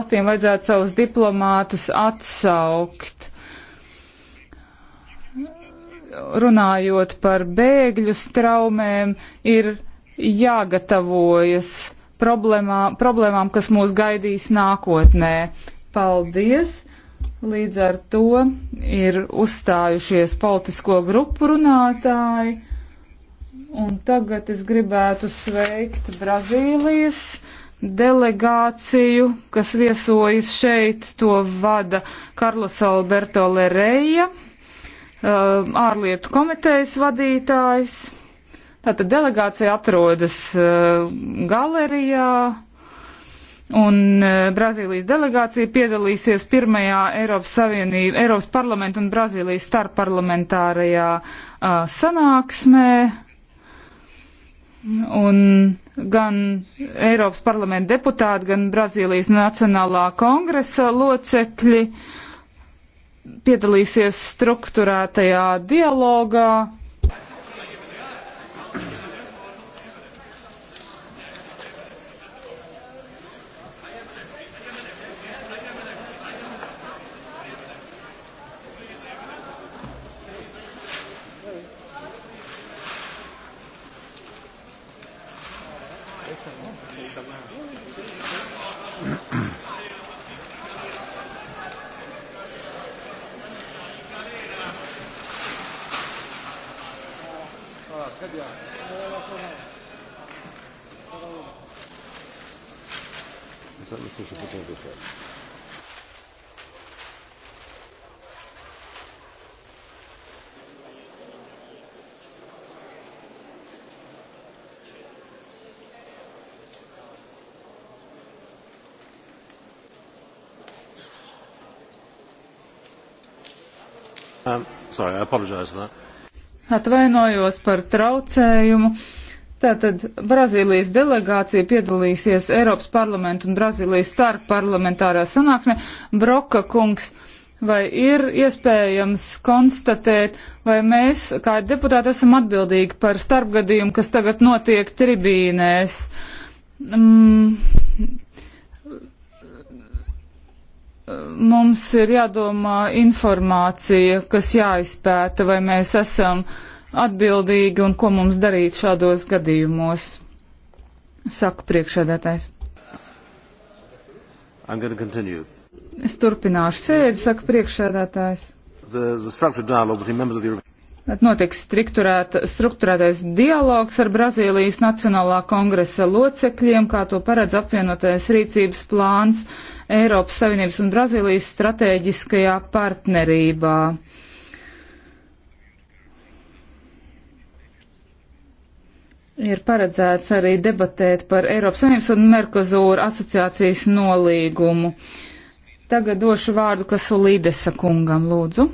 valstīm vajadzētu savus diplomātus atsaukt. Runājot par bēgļu straumēm, ir jāgatavojas problemā, problēmām, kas mūs gaidīs nākotnē. Paldies! Līdz ar to ir uzstājušies politisko grupu runātāji. Un tagad es gribētu sveikt Brazīlijas delegāciju, kas viesojas šeit, to vada Karlos Alberto Lereja, uh, ārlietu komitejas vadītājs. Tātad delegācija atrodas uh, galerijā, un uh, Brazīlijas delegācija piedalīsies pirmajā Eiropas Savienība, Eiropas parlamentu un Brazīlijas starpparlamentārajā sanāksmē. Un gan Eiropas parlamenta deputāti, gan Brazīlijas Nacionālā kongresa locekļi piedalīsies struktūrētajā dialogā Pensando que se puede empezar. Um, sorry, Atvainojos par traucējumu. Tātad Brazīlijas delegācija piedalīsies Eiropas parlamentu un Brazīlijas starpparlamentārā sanāksmē. Broka kungs, vai ir iespējams konstatēt, vai mēs, kā deputāti, esam atbildīgi par starpgadījumu, kas tagad notiek tribīnēs? Mm mums ir jādomā informācija, kas jāizpēta, vai mēs esam atbildīgi un ko mums darīt šādos gadījumos. Saku priekšādātais. Es turpināšu sēdi, saka priekšādātājs. The, the Notiks struktūrētais dialogs ar Brazīlijas Nacionālā kongresa locekļiem, kā to paredz apvienotais rīcības plāns Eiropas Savienības un Brazīlijas stratēģiskajā partnerībā. Ir paredzēts arī debatēt par Eiropas Savienības un Merkozūra asociācijas nolīgumu. Tagad došu vārdu Kasulīdesa kungam, lūdzu.